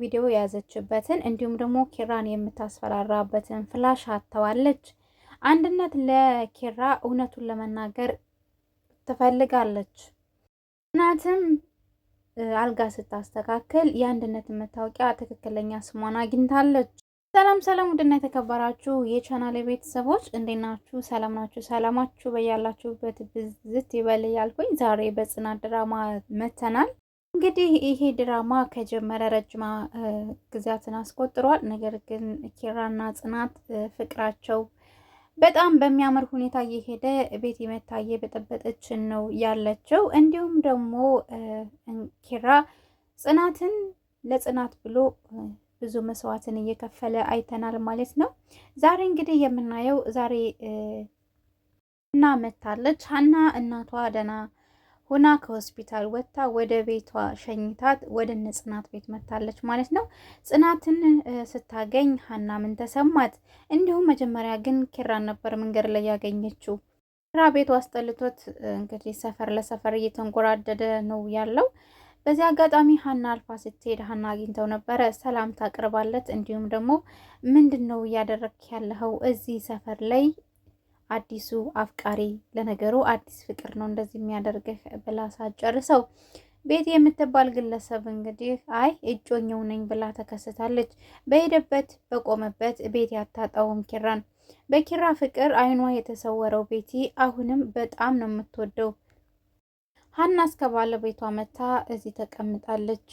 ቪዲዮ የያዘችበትን እንዲሁም ደግሞ ኪራን የምታስፈራራበትን ፍላሽ አጥተዋለች። አንድነት ለኪራ እውነቱን ለመናገር ትፈልጋለች። እናትም አልጋ ስታስተካክል የአንድነት መታወቂያ ትክክለኛ ስሟን አግኝታለች። ሰላም ሰላም፣ ውድና የተከበራችሁ የቻናል ቤተሰቦች እንዴት ናችሁ? ሰላም ናችሁ? ሰላማችሁ በያላችሁበት ብዝት ይበል ዛሬ በጽናት ድራማ መተናል። እንግዲህ ይሄ ድራማ ከጀመረ ረጅም ጊዜያትን አስቆጥሯል። ነገር ግን ኪራና ጽናት ፍቅራቸው በጣም በሚያምር ሁኔታ እየሄደ ቤት የመታ እየበጠበጠችን ነው ያለችው። እንዲሁም ደግሞ ኪራ ጽናትን ለጽናት ብሎ ብዙ መስዋዕትን እየከፈለ አይተናል ማለት ነው። ዛሬ እንግዲህ የምናየው ዛሬ እና መታለች ሀና እናቷ ደና ሆና ከሆስፒታል ወጥታ ወደ ቤቷ ሸኝታት ወደ ጽናት ቤት መታለች ማለት ነው። ጽናትን ስታገኝ ሀና ምን ተሰማት? እንዲሁም መጀመሪያ ግን ኪራን ነበር መንገድ ላይ ያገኘችው። ኪራ ቤቱ አስጠልቶት እንግዲህ ሰፈር ለሰፈር እየተንጎራደደ ነው ያለው። በዚህ አጋጣሚ ሀና አልፋ ስትሄድ ሀና አግኝተው ነበረ። ሰላም ታቅርባለት። እንዲሁም ደግሞ ምንድን ነው እያደረግክ ያለኸው እዚህ ሰፈር ላይ አዲሱ አፍቃሪ ለነገሩ አዲስ ፍቅር ነው እንደዚህ የሚያደርግህ ብላ ሳጨርሰው ቤት የምትባል ግለሰብ እንግዲህ አይ እጮኛው ነኝ ብላ ተከስታለች። በሄደበት በቆመበት ቤት ያታጣውም ኪራን። በኪራ ፍቅር አይኗ የተሰወረው ቤቲ አሁንም በጣም ነው የምትወደው። ሀና እስከ ባለቤቷ መታ እዚህ ተቀምጣለች።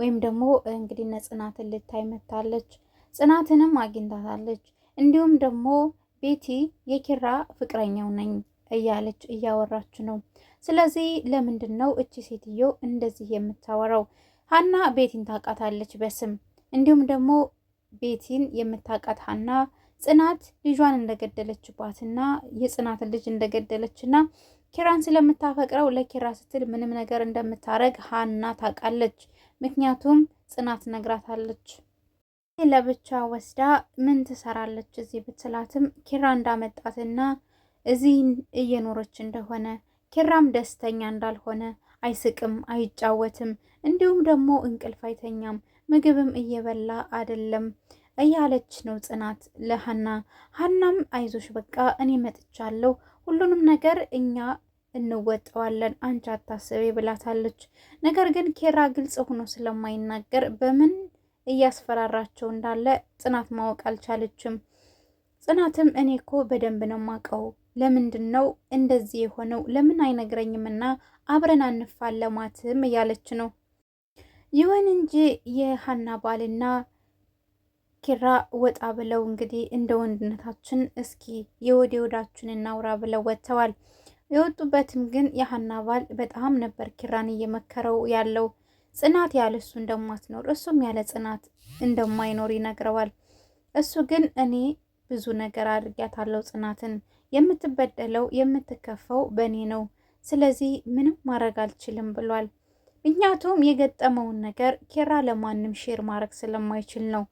ወይም ደግሞ እንግዲህ ነጽናትን ልታይ መታለች። ጽናትንም አግኝታታለች። እንዲሁም ደግሞ ቤቲ የኪራ ፍቅረኛው ነኝ እያለች እያወራች ነው። ስለዚህ ለምንድን ነው እቺ ሴትዮ እንደዚህ የምታወራው? ሀና ቤቲን ታውቃታለች በስም እንዲሁም ደግሞ ቤቲን የምታውቃት ሀና ጽናት ልጇን እንደገደለችባትና የጽናት ልጅ እንደገደለችና ኪራን ስለምታፈቅረው ለኪራ ስትል ምንም ነገር እንደምታረግ ሀና ታውቃለች። ምክንያቱም ጽናት ነግራታለች። ለብቻ ወስዳ ምን ትሰራለች እዚህ ብትላትም ኪራ እንዳመጣትና እዚህ እየኖረች እንደሆነ ኪራም ደስተኛ እንዳልሆነ አይስቅም፣ አይጫወትም፣ እንዲሁም ደግሞ እንቅልፍ አይተኛም፣ ምግብም እየበላ አይደለም እያለች ነው ጽናት ለሀና። ሀናም አይዞሽ በቃ እኔ መጥቻለሁ፣ ሁሉንም ነገር እኛ እንወጠዋለን፣ አንቺ አታስቤ ብላታለች። ነገር ግን ኪራ ግልጽ ሆኖ ስለማይናገር በምን እያስፈራራቸው እንዳለ ጽናት ማወቅ አልቻለችም። ጽናትም እኔ እኮ በደንብ ነው ማቀው ለምንድን ነው እንደዚህ የሆነው? ለምን አይነግረኝም? እና አብረን አንፋለማትም እያለች ነው። ይሁን እንጂ የሀና ባልና ኪራ ወጣ ብለው እንግዲህ እንደ ወንድነታችን እስኪ የወደ ወዳችን እናውራ ብለው ወጥተዋል። የወጡበትም ግን የሀና ባል በጣም ነበር ኪራን እየመከረው ያለው። ጽናት ያለ እሱ እንደማትኖር እሱም ያለ ጽናት እንደማይኖር ይነግረዋል። እሱ ግን እኔ ብዙ ነገር አድርጊያታለሁ ጽናትን፣ የምትበደለው የምትከፈው በእኔ ነው፣ ስለዚህ ምንም ማድረግ አልችልም ብሏል። ምክንያቱም የገጠመውን ነገር ኬራ ለማንም ሼር ማድረግ ስለማይችል ነው።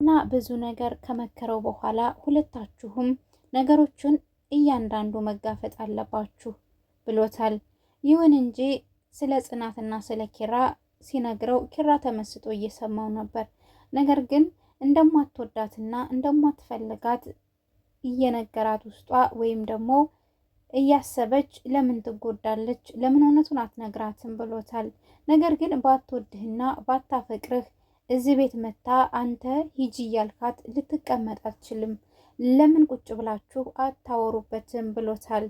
እና ብዙ ነገር ከመከረው በኋላ ሁለታችሁም ነገሮቹን እያንዳንዱ መጋፈጥ አለባችሁ ብሎታል። ይሁን እንጂ ስለ ጽናትና ስለ ኬራ። ሲነግረው ኪራ ተመስጦ እየሰማው ነበር። ነገር ግን እንደማትወዳትና እንደማትፈልጋት እየነገራት ውስጧ ወይም ደግሞ እያሰበች ለምን ትጎዳለች? ለምን እውነቱን አትነግራትም ብሎታል። ነገር ግን ባትወድህና ባታፈቅርህ እዚህ ቤት መታ አንተ ሂጂ እያልካት ልትቀመጥ አትችልም። ለምን ቁጭ ብላችሁ አታወሩበትም ብሎታል።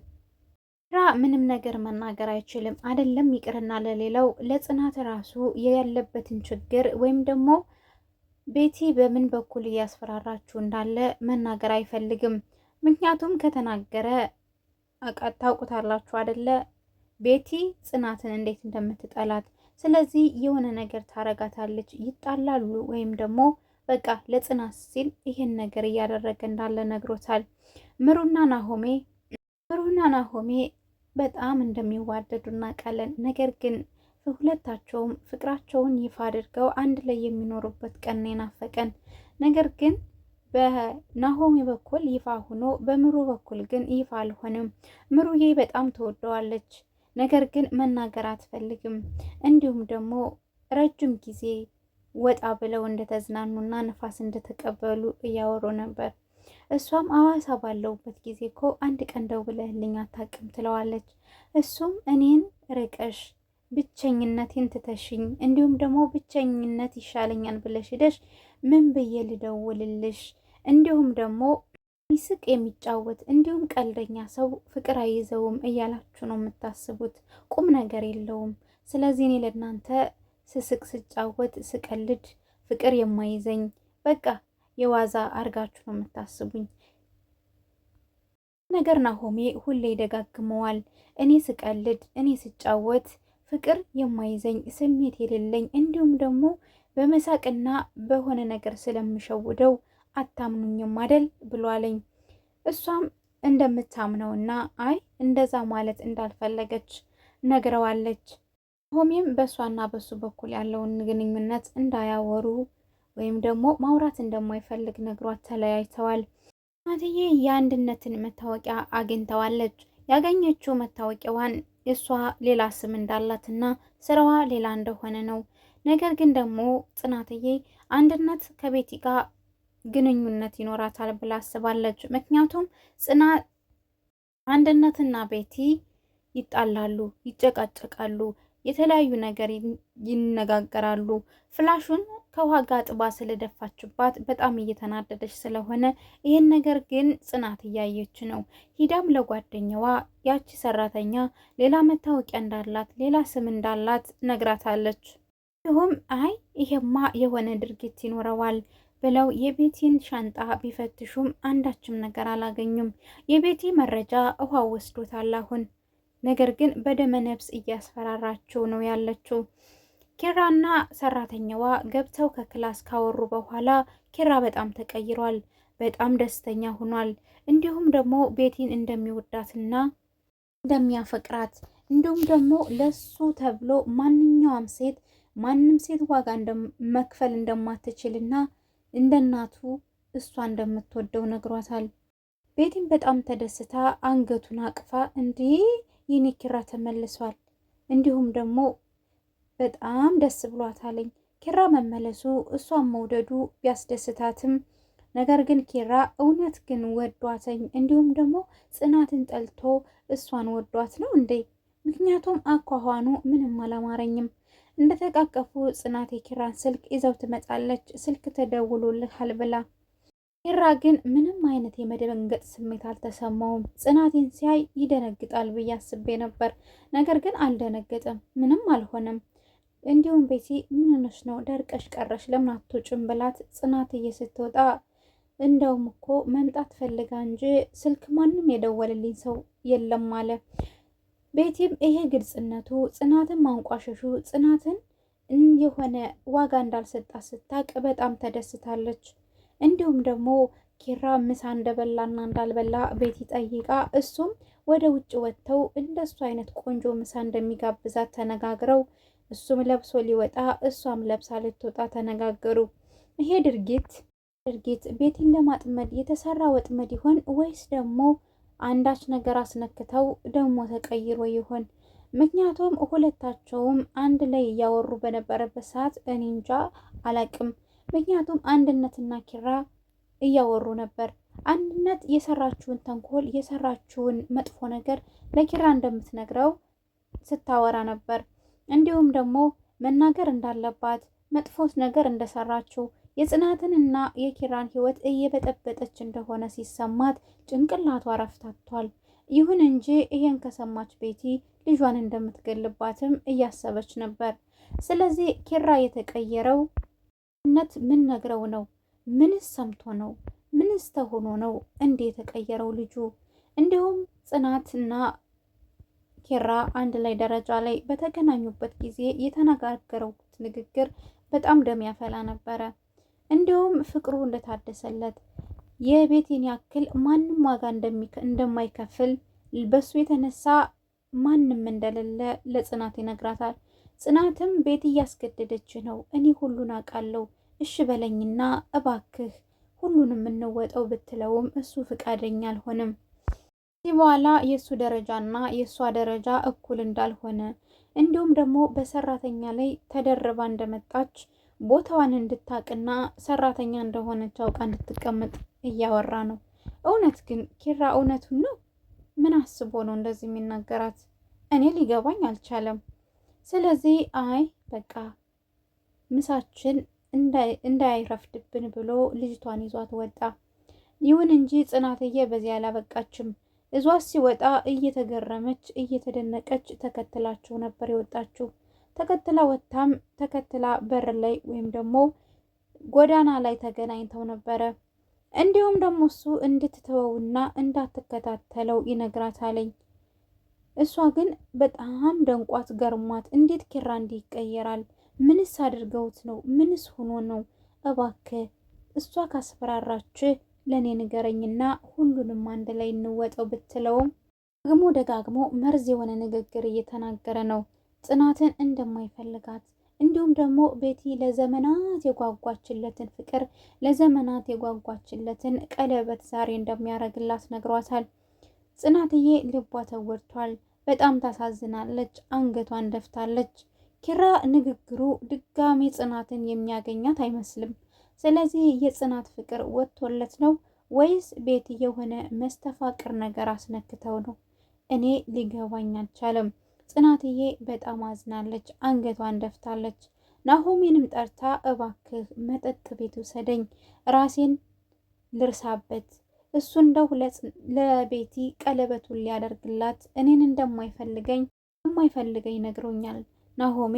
ራ ምንም ነገር መናገር አይችልም። አይደለም ይቅርና ለሌላው ለጽናት ራሱ ያለበትን ችግር ወይም ደግሞ ቤቲ በምን በኩል እያስፈራራችሁ እንዳለ መናገር አይፈልግም። ምክንያቱም ከተናገረ ታውቁታላችሁ አይደለ ቤቲ ጽናትን እንዴት እንደምትጠላት። ስለዚህ የሆነ ነገር ታረጋታለች፣ ይጣላሉ፣ ወይም ደግሞ በቃ ለጽናት ሲል ይህን ነገር እያደረገ እንዳለ ነግሮታል። ምሩና ናሆሜ ምሩና ናሆሜ በጣም እንደሚዋደዱ እናውቃለን። ነገር ግን ሁለታቸውም ፍቅራቸውን ይፋ አድርገው አንድ ላይ የሚኖሩበት ቀን ናፈቀን። ነገር ግን በናሆሚ በኩል ይፋ ሆኖ በምሩ በኩል ግን ይፋ አልሆንም። ምሩዬ በጣም ተወደዋለች፣ ነገር ግን መናገር አትፈልግም። እንዲሁም ደግሞ ረጅም ጊዜ ወጣ ብለው እንደተዝናኑና ነፋስ እንደተቀበሉ እያወሩ ነበር። እሷም አዋሳ ባለውበት ጊዜ እኮ አንድ ቀን ደውለህልኝ አታውቅም ትለዋለች። እሱም እኔን ርቀሽ ብቸኝነቴን ትተሽኝ እንዲሁም ደግሞ ብቸኝነት ይሻለኛል ብለሽ ሂደሽ ምን ብዬ ልደውልልሽ? እንዲሁም ደግሞ ሚስቅ የሚጫወት እንዲሁም ቀልደኛ ሰው ፍቅር አይዘውም እያላችሁ ነው የምታስቡት። ቁም ነገር የለውም። ስለዚህ እኔ ለእናንተ ስስቅ፣ ስጫወት፣ ስቀልድ ፍቅር የማይዘኝ በቃ የዋዛ አርጋችሁ ነው የምታስቡኝ ነገር ናሆሜ ሁሌ ይደጋግመዋል። እኔ ስቀልድ፣ እኔ ስጫወት ፍቅር የማይዘኝ ስሜት የሌለኝ እንዲሁም ደግሞ በመሳቅና በሆነ ነገር ስለምሸውደው አታምኑኝም አደል ብሏለኝ። እሷም እንደምታምነውና አይ እንደዛ ማለት እንዳልፈለገች ነግረዋለች። ሆሜም በእሷና በሱ በኩል ያለውን ግንኙነት እንዳያወሩ ወይም ደግሞ ማውራት እንደማይፈልግ ነግሯት ተለያይተዋል። ናትዬ የአንድነትን መታወቂያ አግኝተዋለች። ያገኘችው መታወቂያዋን እሷ ሌላ ስም እንዳላትና ስራዋ ሌላ እንደሆነ ነው። ነገር ግን ደግሞ ጽናትዬ አንድነት ከቤቲ ጋር ግንኙነት ይኖራታል ብላ አስባለች። ምክንያቱም ጽና አንድነትና ቤቲ ይጣላሉ፣ ይጨቃጨቃሉ የተለያዩ ነገር ይነጋገራሉ። ፍላሹን ከውሃ ጋጥባ ጥባ ስለደፋችባት በጣም እየተናደደች ስለሆነ ይህን ነገር ግን ጽናት እያየች ነው። ሂዳም ለጓደኛዋ ያቺ ሰራተኛ ሌላ መታወቂያ እንዳላት ሌላ ስም እንዳላት ነግራታለች። እንዲሁም አይ ይሄማ የሆነ ድርጊት ይኖረዋል ብለው የቤቲን ሻንጣ ቢፈትሹም አንዳችም ነገር አላገኙም። የቤቲ መረጃ ውሃ ወስዶታል አሁን ነገር ግን በደመነፍስ እያስፈራራችው ነው ያለችው። ኪራና ሰራተኛዋ ገብተው ከክላስ ካወሩ በኋላ ኪራ በጣም ተቀይሯል። በጣም ደስተኛ ሆኗል። እንዲሁም ደግሞ ቤቲን እንደሚወዳትና እንደሚያፈቅራት እንዲሁም ደግሞ ለሱ ተብሎ ማንኛውም ሴት ማንም ሴት ዋጋ መክፈል እንደማትችልና እንደ እናቱ እሷ እንደምትወደው ነግሯታል። ቤቲን በጣም ተደስታ አንገቱን አቅፋ እንዲህ የኔ ኪራ ተመልሷል። እንዲሁም ደግሞ በጣም ደስ ብሏታለኝ። ኪራ መመለሱ እሷን መውደዱ ቢያስደስታትም ነገር ግን ኪራ እውነት ግን ወዷተኝ እንዲሁም ደግሞ ጽናትን ጠልቶ እሷን ወዷት ነው እንዴ? ምክንያቱም አኳኋኑ ምንም አላማረኝም። እንደተቃቀፉ ጽናት የኪራን ስልክ ይዘው ትመጣለች። ስልክ ተደውሎልሃል ብላ ኪራ ግን ምንም አይነት የመደንገጥ ስሜት አልተሰማውም። ጽናቴን ሲያይ ይደነግጣል ብዬ አስቤ ነበር፣ ነገር ግን አልደነገጠም። ምንም አልሆነም። እንዲሁም ቤቲ ምን ነው ደርቀሽ ቀረሽ? ለምን አትወጪም? ብላት ጽናትዬ ስትወጣ እንደውም እኮ መምጣት ፈልጋ እንጂ ስልክ ማንም የደወልልኝ ሰው የለም አለ። ቤቲም ይሄ ግልጽነቱ ጽናትን ማንቋሸሹ ጽናትን የሆነ ዋጋ እንዳልሰጣ ስታቅ በጣም ተደስታለች። እንዲሁም ደግሞ ኪራ ምሳ እንደበላና እንዳልበላ ቤቲ ጠይቃ እሱም ወደ ውጭ ወጥተው እንደሱ አይነት ቆንጆ ምሳ እንደሚጋብዛት ተነጋግረው እሱም ለብሶ ሊወጣ እሷም ለብሳ ልትወጣ ተነጋገሩ። ይሄ ድርጊት ድርጊት ቤቲን ለማጥመድ የተሰራ ወጥመድ ይሆን ወይስ ደግሞ አንዳች ነገር አስነክተው ደግሞ ተቀይሮ ይሆን? ምክንያቱም ሁለታቸውም አንድ ላይ እያወሩ በነበረበት ሰዓት እኔ እንጃ አላቅም። ምክንያቱም አንድነትና ኪራ እያወሩ ነበር። አንድነት የሰራችውን ተንኮል የሰራችውን መጥፎ ነገር ለኪራ እንደምትነግረው ስታወራ ነበር። እንዲሁም ደግሞ መናገር እንዳለባት መጥፎ ነገር እንደሰራችው የጽናትንና የኪራን ሕይወት እየበጠበጠች እንደሆነ ሲሰማት ጭንቅላቷ ረፍታቷል። ይሁን እንጂ ይሄን ከሰማች ቤቲ ልጇን እንደምትገልባትም እያሰበች ነበር። ስለዚህ ኪራ የተቀየረው እነት ምን ነግረው ነው? ምንስ ሰምቶ ነው? ምንስ ተሆኖ ነው እንዴ የተቀየረው ልጁ? እንዲሁም ጽናትና ኬራ አንድ ላይ ደረጃ ላይ በተገናኙበት ጊዜ የተነጋገረው ንግግር በጣም ደም ያፈላ ነበረ። እንዲሁም ፍቅሩ እንደታደሰለት የቤቴን ያክል ማንም ዋጋ እንደማይከፍል በሱ የተነሳ ማንም እንደሌለ ለጽናት ይነግራታል። ጽናትም ቤት እያስገደደች ነው፣ እኔ ሁሉን አውቃለሁ እሽ በለኝና እባክህ ሁሉንም እንወጠው ብትለውም እሱ ፍቃደኛ አልሆነም። ከዚህ በኋላ የእሱ ደረጃና የእሷ ደረጃ እኩል እንዳልሆነ እንዲሁም ደግሞ በሰራተኛ ላይ ተደርባ እንደመጣች ቦታዋን እንድታቅና ሰራተኛ እንደሆነች አውቃ እንድትቀመጥ እያወራ ነው። እውነት ግን ኪራ እውነቱን ነው? ምን አስቦ ነው እንደዚህ የሚናገራት? እኔ ሊገባኝ አልቻለም። ስለዚህ አይ በቃ ምሳችን እንዳይረፍድብን ብሎ ልጅቷን ይዟት ወጣ። ይሁን እንጂ ጽናትዬ በዚህ አላበቃችም። እዟት ሲወጣ እየተገረመች እየተደነቀች ተከትላቸው ነበር የወጣችው። ተከትላ ወጥታም ተከትላ በር ላይ ወይም ደግሞ ጎዳና ላይ ተገናኝተው ነበረ። እንዲሁም ደግሞ እሱ እንድትተወውና እንዳትከታተለው ይነግራታለኝ። እሷ ግን በጣም ደንቋት ገርሟት እንዴት ኪራ እንዲህ ይቀየራል ምንስ አድርገውት ነው? ምንስ ሆኖ ነው? እባክህ እሷ ካስፈራራች ለእኔ ንገረኝና ሁሉንም አንድ ላይ እንወጠው ብትለውም ደግሞ ደጋግሞ መርዝ የሆነ ንግግር እየተናገረ ነው። ጽናትን እንደማይፈልጋት እንዲሁም ደግሞ ቤቲ ለዘመናት የጓጓችለትን ፍቅር ለዘመናት የጓጓችለትን ቀለበት ዛሬ እንደሚያደርግላት ነግሯታል። ጽናትዬ ልቧ ተወርቷል በጣም ታሳዝናለች። አንገቷን ደፍታለች። ኪራ ንግግሩ ድጋሜ ጽናትን የሚያገኛት አይመስልም። ስለዚህ የጽናት ፍቅር ወጥቶለት ነው ወይስ ቤት የሆነ መስተፋቅር ነገር አስነክተው ነው? እኔ ሊገባኝ አልቻለም። ጽናትዬ በጣም አዝናለች፣ አንገቷን ደፍታለች። ናሆሚንም ጠርታ እባክህ መጠጥ ቤት ውሰደኝ፣ ራሴን ልርሳበት። እሱ እንደው ለቤቲ ቀለበቱን ሊያደርግላት እኔን እንደማይፈልገኝ የማይፈልገኝ ነግሮኛል። ናሆሜ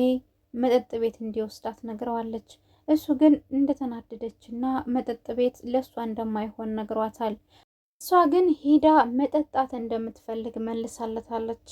መጠጥ ቤት እንዲወስዳት ነግረዋለች። እሱ ግን እንደተናደደችና መጠጥ ቤት ለእሷ እንደማይሆን ነግሯታል። እሷ ግን ሂዳ መጠጣት እንደምትፈልግ መልሳለታለች።